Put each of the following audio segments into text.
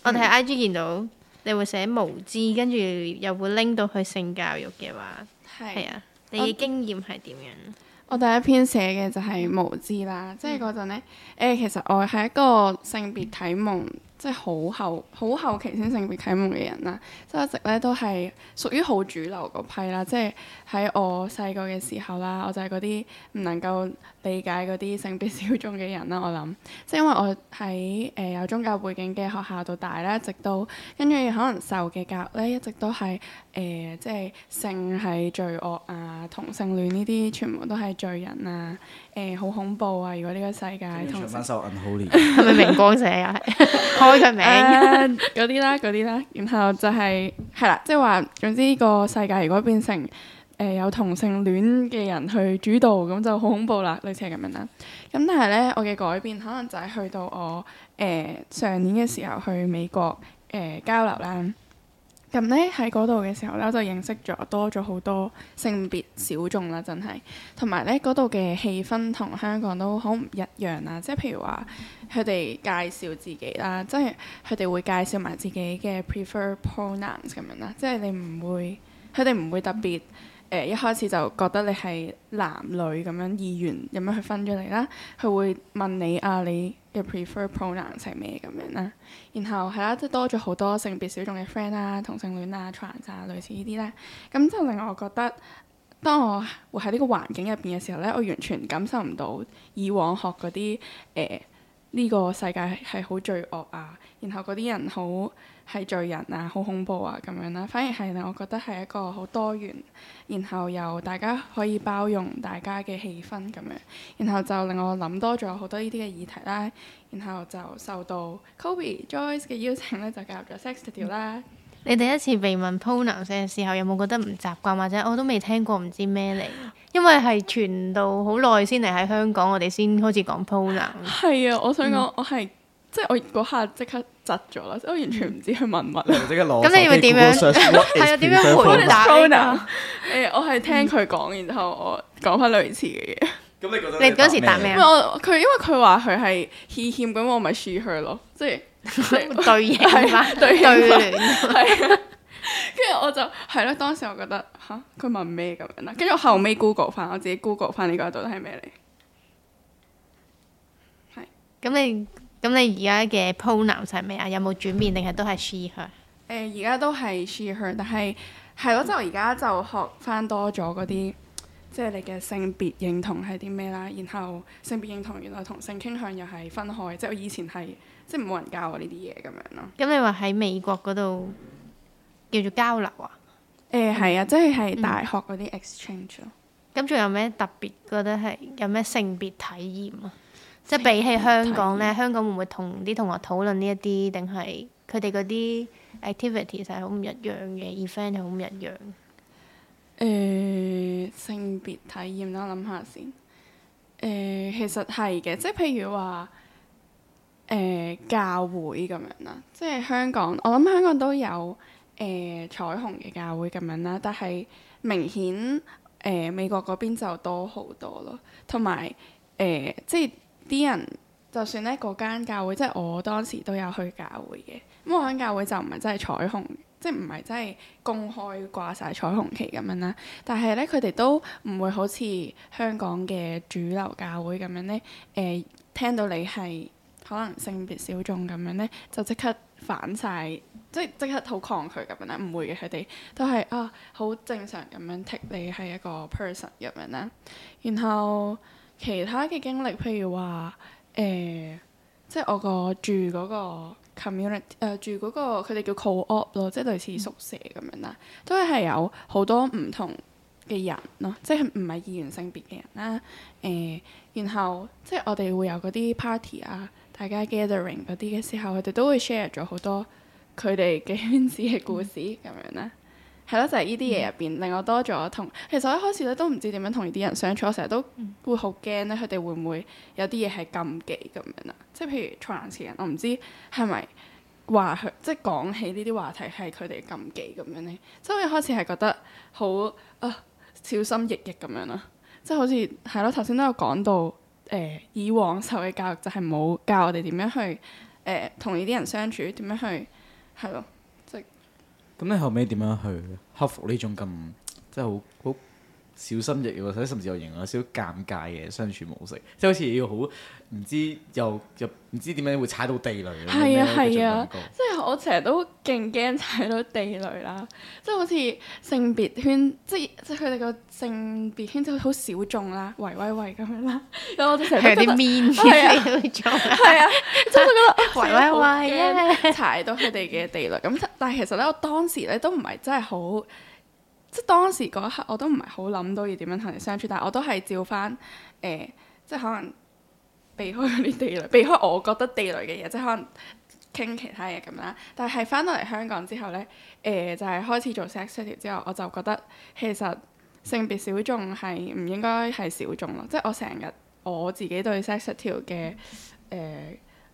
嗯、我哋喺 IG 見到你會寫無知，跟住又會拎到去性教育嘅話，係是啊，你嘅經驗係點樣？我我第一篇寫嘅就係無知啦，嗯、即係嗰陣咧，誒、欸，其實我係一個性別體蒙。即係好後好後期先性別啟蒙嘅人啦，即係一直咧都係屬於好主流嗰批啦。即係喺我細個嘅時候啦，我就係嗰啲唔能夠理解嗰啲性別小眾嘅人啦。我諗，即係因為我喺誒、呃、有宗教背景嘅學校度大咧，一直都跟住可能受嘅教育咧，一直都係誒、呃、即係性係罪惡啊，同性戀呢啲全部都係罪人啊，誒、呃、好恐怖啊！如果呢個世界係咪性明光社啊？ 嗰啲、 uh, 啦，嗰啲啦，然後就係、係、係 啦，即係話，總之個世界如果變成誒、呃、有同性戀嘅人去主導，咁就好恐怖啦，類似係咁樣啦。咁但係咧，我嘅改變可能就係去到我誒、呃、上年嘅時候去美國誒、呃、交流啦。咁咧喺嗰度嘅時候咧，我就認識咗多咗好多性別小眾啦，真係。同埋咧嗰度嘅氣氛同香港都好唔一樣啦。即係譬如話，佢哋介紹自己啦，即係佢哋會介紹埋自己嘅 prefer pronouns 咁樣啦。即係你唔會，佢哋唔會特別。誒、呃、一開始就覺得你係男女咁樣意願咁樣去分咗嚟啦，佢會問你啊，你嘅 prefer pronoun 係咩咁樣啦，然後係啦，即、嗯、係多咗好多性別小眾嘅 friend 啦、啊、同性戀啊、trans 啊類似呢啲咧，咁就令我覺得當我會喺呢個環境入邊嘅時候咧，我完全感受唔到以往學嗰啲誒。呃呢個世界係好罪惡啊，然後嗰啲人好係罪人啊，好恐怖啊咁樣啦。反而係我覺得係一個好多元，然後又大家可以包容大家嘅氣氛咁樣，然後就令我諗多咗好多呢啲嘅議題啦。然後就受到 Kobe Joyce 嘅邀請咧，就加入咗 Sextitude 啦、嗯。你第一次被問 pronoun 嘅時候，有冇覺得唔習慣或者我都未聽過，唔知咩嚟？ 因為係傳到好耐先嚟喺香港，我哋先開始講 pronoun。係啊，我想講我係、嗯、即係我嗰下即刻窒咗啦，我完全唔知佢問乜。咁 你要點樣？係 啊，點樣回答 pronoun？誒，我係聽佢講，然後我講翻類似嘅嘢。咁 你嗰陣你嗰時答咩？我佢因為佢話佢係 he him 咁，他他 him, 我咪 she her 咯，即係 對應翻嗎 對應。我就係咯，當時我覺得吓，佢問咩咁樣啦，跟住我後尾 Google 翻，我自己 Google 翻呢個到底係咩嚟。係。咁你咁你而家嘅 pronoun 係咩啊？有冇轉變定係都係 she/her？誒、而家、呃、都係 she/her，但係係咯，即係我而家就學翻多咗嗰啲，即係你嘅性別認同係啲咩啦？然後性別認同原來同性傾向又係分開，即係我以前係即係冇人教我呢啲嘢咁樣咯。咁你話喺美國嗰度？叫做交流啊？誒，係、嗯、啊，即係係大學嗰啲 exchange 咯。咁仲有咩特別覺得係有咩性別體驗啊？即係比起香港咧，香港會唔會同啲同學討論呢一啲，定係佢哋嗰啲 activities 係好唔一樣嘅 event 係好唔一樣。誒、呃、性別體驗啦，諗下先。誒、呃、其實係嘅，即係譬如話誒、呃、教會咁樣啦。即係香港，我諗香港都有。誒、呃、彩虹嘅教會咁樣啦，但係明顯誒、呃、美國嗰邊就多好多咯，同埋誒、即係啲人就算咧，嗰間教會，即係我當時都有去教會嘅。咁我間教會就唔係真係彩虹，即係唔係真係公開掛晒彩虹旗咁樣啦。但係咧佢哋都唔會好似香港嘅主流教會咁樣咧，誒、呃、聽到你係可能性別小眾咁樣咧，就即刻反晒。即係即刻好抗拒咁樣咧，唔會嘅。佢哋都係啊，好正常咁樣 take 你係一個 person 咁樣啦，然後其他嘅經歷，譬如話誒、呃，即係我個住嗰個 community 誒、呃、住嗰、嗰個佢哋叫 co-op 咯，即係類似宿舍咁樣啦，都係有好多唔同嘅人咯，即係唔係二元性別嘅人啦誒、呃。然後即係我哋會有嗰啲 party 啊，大家 gathering 嗰啲嘅時候，佢哋都會 share 咗好多。佢哋嘅圈子嘅故事咁、嗯、樣咧，係咯，就係呢啲嘢入邊令我多咗同。其實我一開始咧都唔知點樣同呢啲人相處，我成日都會好驚咧，佢哋會唔會有啲嘢係禁忌咁樣啊？即係譬如 trans 人，我唔知係咪話佢即係講起呢啲話題係佢哋禁忌咁樣咧。所以我一開始係覺得好啊小心翼翼咁樣啦，即係好似係咯頭先都有講到誒、呃，以往受嘅教育就係冇教我哋點樣去誒、呃、同呢啲人相處，點樣去。係咯，即咁你後尾點樣去克服呢種咁即係好好？小心翼翼，或者甚至有形成少少尷尬嘅相處模式，即係好似要好唔知又又唔知點樣會踩到地雷。係啊係啊！啊即係我成日都勁驚踩到地雷啦！即係好似性別圈，即係即係佢哋個性別圈，即係好小眾啦，喂喂喂咁樣啦，咁我哋成日啲謾嘅喺度係啊，真係覺得喂喂喂耶踩到佢哋嘅地雷。咁但係其實咧，我當時咧都唔係真係好。 即當時嗰一刻，我都唔係好諗到要點樣同人相處，但係我都係照翻誒、呃，即可能避開嗰啲地雷，避開我覺得地雷嘅嘢，即可能傾其他嘢咁啦。但係翻到嚟香港之後咧，誒、呃、就係、是、開始做 Sextitude 之後，我就覺得其實性別小眾係唔應該係小眾咯，即我成日我自己對 Sextitude 嘅誒，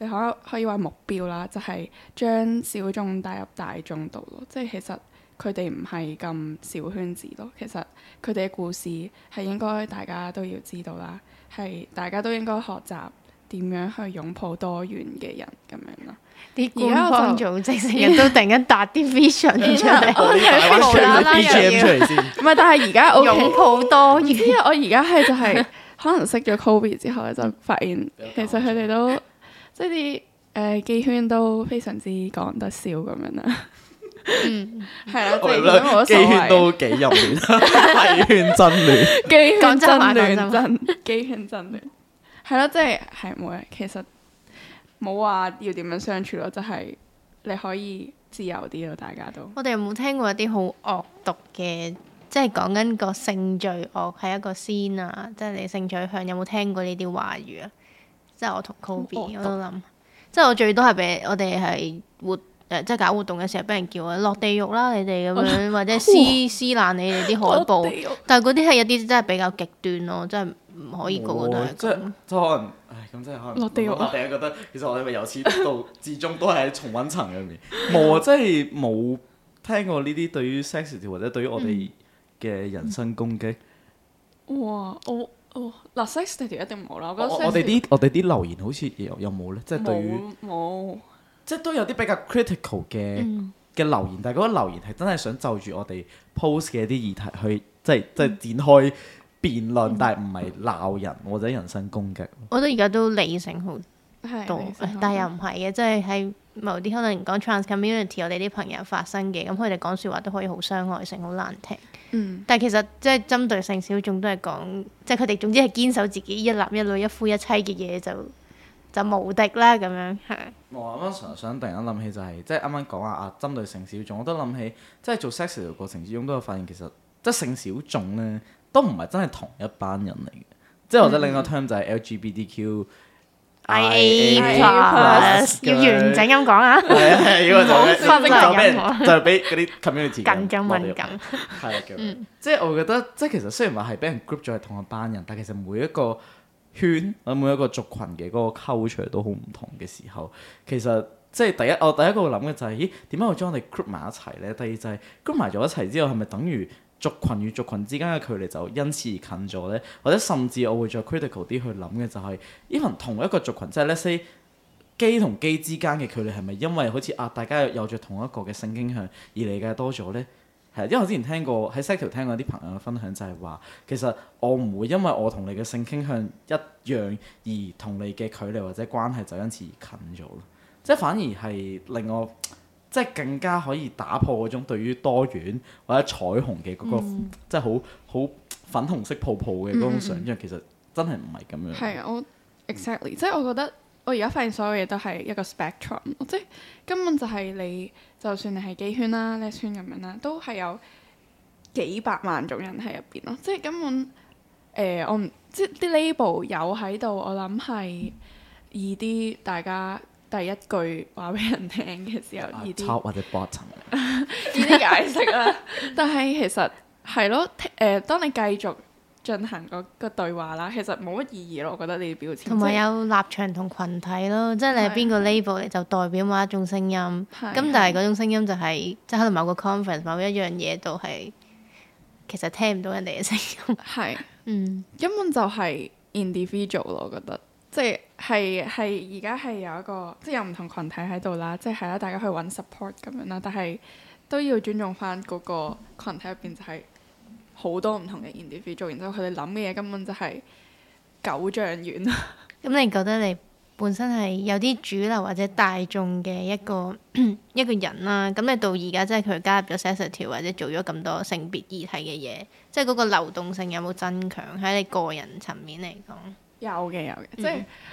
你可以可以話目標啦，就係、是、將小眾帶入大眾度咯，即其實。佢哋唔係咁小圈子咯，其實佢哋嘅故事係應該大家都要知道啦，係大家都應該學習點樣去擁抱多元嘅人咁樣啦。啲官方組織成日都突然間搭啲 vision 出嚟，我睇下啦。唔係， 但係而家擁抱多元，我而家係就係、係、可能識咗 Kobe 之後咧，就發現其實佢哋都即係啲誒機圈都非常之講得笑咁樣啦。嗯，係啦、嗯，了即係嗰個機圈都幾入亂，機圈 真亂，機圈 真亂，講真機圈真亂，係咯，即係係冇嘅。其實冇話要點樣相處咯，即、就、係、是、你可以自由啲咯，大家都。我哋有冇聽過一啲好惡毒嘅，即係講緊個性罪惡係一個先啊，即係你性取向有冇聽過呢啲話語啊？即係我同 Kobe 毒我都諗，即係我最多係俾我哋係活。誒，即係搞活動嘅時候，俾人叫啊，落地獄啦你哋咁樣，或者撕哇撕爛你哋啲海報。但係嗰啲係一啲真係比較極端咯，真係唔可以個個係。即係可能，咁真係可能。落地獄。我第一間覺得，其實我哋咪由始到至終都係喺重溫層入面。冇啊， 即係冇聽過呢啲對於 s e x 或者對於我哋嘅人身攻擊。哇、嗯！哦、嗯，我嗱 Sextitude 一定冇啦。我覺得我哋啲我哋啲留言好似有有冇咧？即係對於冇。即係都有啲比較 critical 嘅嘅留言，但係嗰個留言係真係想就住我哋 post 嘅一啲議題去，即係即係展開辯論，但係唔係鬧人或者人身攻擊。我覺得而家都理性好多，但係又唔係嘅，即係喺某啲可能講 trans community，我哋啲朋友發生嘅，咁佢哋講説話都可以好傷害性、好難聽。嗯，但係其實即係針對性小眾都係講，即係佢哋總之係堅守自己一男一女、一夫一妻嘅嘢就。就無敵啦，咁樣係。我啱啱想突然間諗起就係，即係啱啱講啊啊，針對性小眾，我都諗起，即係做 sex 嘅過程之中都有發現，其實即係性小眾咧都唔係真係同一班人嚟嘅。即係或者拎一個 term 就係 LGBTQ，係係要完整咁講啊。係啊，要我翻嚟就俾嗰啲 community 更加敏感。係即係我覺得，即係其實雖然話係俾人 group 咗係同一班人，但其實每一個圈每一個族群嘅嗰個溝出嚟都好唔同嘅時候，其實即係第一，我第一個諗嘅就係咦，點解會將我哋 group 埋一齊呢？第二就係 group 埋咗一齊之後，係咪等於族群與族群之間嘅距離就因此而近咗呢？或者甚至我會再 critical 啲去諗嘅就係咦，可能同一個族群，即係 let’s say 基同基之間嘅距離係咪因為好似啊大家有著同一個嘅性傾向而理解多咗呢？因為我之前聽過喺 Sextitude 聽過啲朋友嘅分享就，就係話其實我唔會因為我同你嘅性傾向一樣而同你嘅距離或者關係就因此而近咗咯。即係反而係令我即係更加可以打破嗰種對於多元或者彩虹嘅嗰、嗰個、嗯、即係好好粉紅色泡泡嘅嗰種想像，嗯、其實真係唔係咁樣。係啊、嗯、exactly，即係我覺得。我而家發現所有嘢都係一個 spectrum，即係根本就係你，就算你係幾圈啦，幾圈咁樣啦，都係有幾百萬種人喺入邊咯。即係根本，誒、呃，我唔即係啲 label 有喺度，我諗係易啲大家第一句話俾人聽嘅時候，易啲，uh, top 或者 bottom，易啲 解釋啦。 但係其實係咯，誒、呃，當你繼續進行個個對話啦，其實冇乜意義咯，我覺得你啲表情。同埋有、就是、立場同群體咯，即係你係邊個 label 你，就代表某一種聲音。咁的但係嗰種聲音就係、是，即係可能某個 conference 某一樣嘢都係其實聽唔到人哋嘅聲音。係是，嗯，根本就係 individual 咯，我覺得，即係係係而家係有一個，即係有唔同群體喺度啦，即係係啦，大家去搵 support 咁樣啦，但係都要尊重返嗰個群體入邊就係、是。好多唔同嘅 industry 做，然之後佢哋諗嘅嘢根本就係九丈遠啦、嗯。咁你覺得你本身係有啲主流或者大眾嘅一個 一個人啦、啊，咁、嗯、你到而家即係佢加入咗 Sextitude 或者做咗咁多性別議題嘅嘢，即係嗰個流動性有冇增強喺你個人層面嚟講？有嘅有嘅，嗯、即係，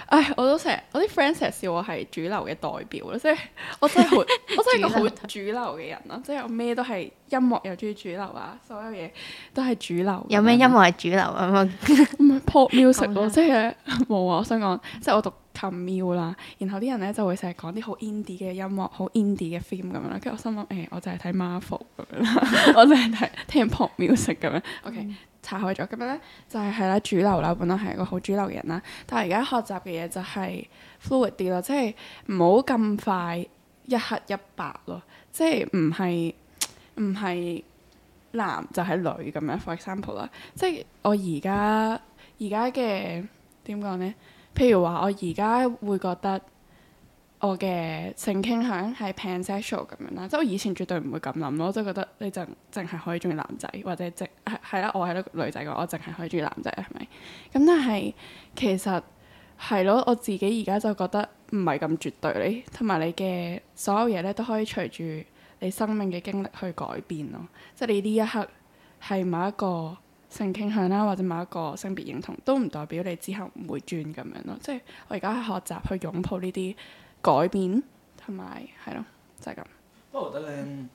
唉、哎，我都成日我啲 friend 成日笑我係主流嘅代表咯，即係我真係好，我真係個好主流嘅人咯，即係我咩都係音樂又中意主流啊，所有嘢都係主流。有咩音樂係主流啊？冇，pop music 咯， 即係冇啊，我想講，即係我讀 cult music 啦，然後啲人咧就會成日講啲好 indie 嘅音樂，好 indie 嘅 film 咁樣啦。跟住我心諗，誒、哎，我就係睇 Marvel 咁樣， 我就係聽 pop music 咁樣。 OK，岔開咗。咁樣咧就係係啦，主流啦，本來係一個好主流嘅人啦。但係而家學習嘅嘢就係 fluid 啲咯，即係唔好咁快一黑一白咯，即係唔係唔係男就係、是、女咁樣。For example 啦，即係我而家而家嘅點講咧？譬如話，我而家會覺得我嘅性傾向係 pansexual 咁樣啦，即係我以前絕對唔會咁諗咯，即係覺得你就淨係可以中意男仔，或者即係係啦，我係女仔嘅話，我淨係可以中意男仔，係咪？咁但係其實係咯，我自己而家就覺得唔係咁絕對，你同埋你嘅所有嘢咧，都可以隨住你生命嘅經歷去改變咯。即係你呢一刻係某一個性傾向啦，或者某一個性別認同，都唔代表你之後唔會轉咁樣咯。即係我而家喺學習去擁抱呢啲改變，同埋係咯，就係咁。不過我覺得咧，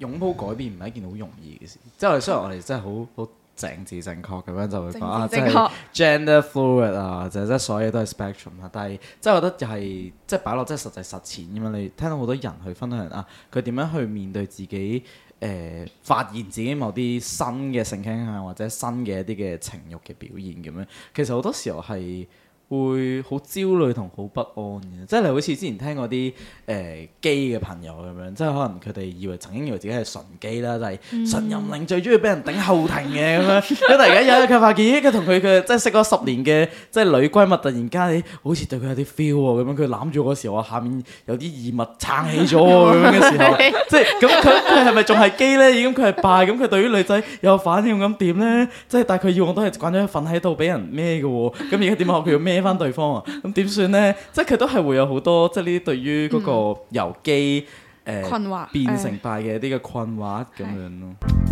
擁抱改變唔係一件好容易嘅事。嗯、即係我哋雖然我哋真係好好政治正確咁樣就會講啊，即係 gender fluid 啊，就係即係所有嘢都係 spectrum 啊。但係即係我覺得就係即係擺落即係實際實踐咁樣，你聽到好多人去分享啊，佢點樣去面對自己。誒、呃、發現自己某啲新嘅性傾向，或者新嘅一啲嘅情慾嘅表現咁樣，其實好多時候係。會好焦慮同好不安嘅，即係你好似之前聽過啲誒基嘅朋友咁樣，即係可能佢哋以為曾經以為自己係純基啦，就係純淫令最中意俾人頂後庭嘅咁樣。咁突然間有一日佢發現，佢同佢嘅即係識咗十年嘅即係女閨蜜，突然間好似對佢有啲 feel 喎咁樣。佢攬住嗰時候，我下面有啲異物撐起咗喎咁嘅時候， 即係咁佢佢係咪仲係基咧？已經佢係拜，咁佢對於女仔有反應咁點咧？即係但係佢以往都係慣咗瞓喺度俾人孭嘅喎，咁而家點啊？佢要孭？傾翻對方啊，咁點算呢？ 即係佢都係會有好多，即係呢啲對於嗰個由機誒變成敗嘅一啲嘅困惑咁、嗯、樣咯。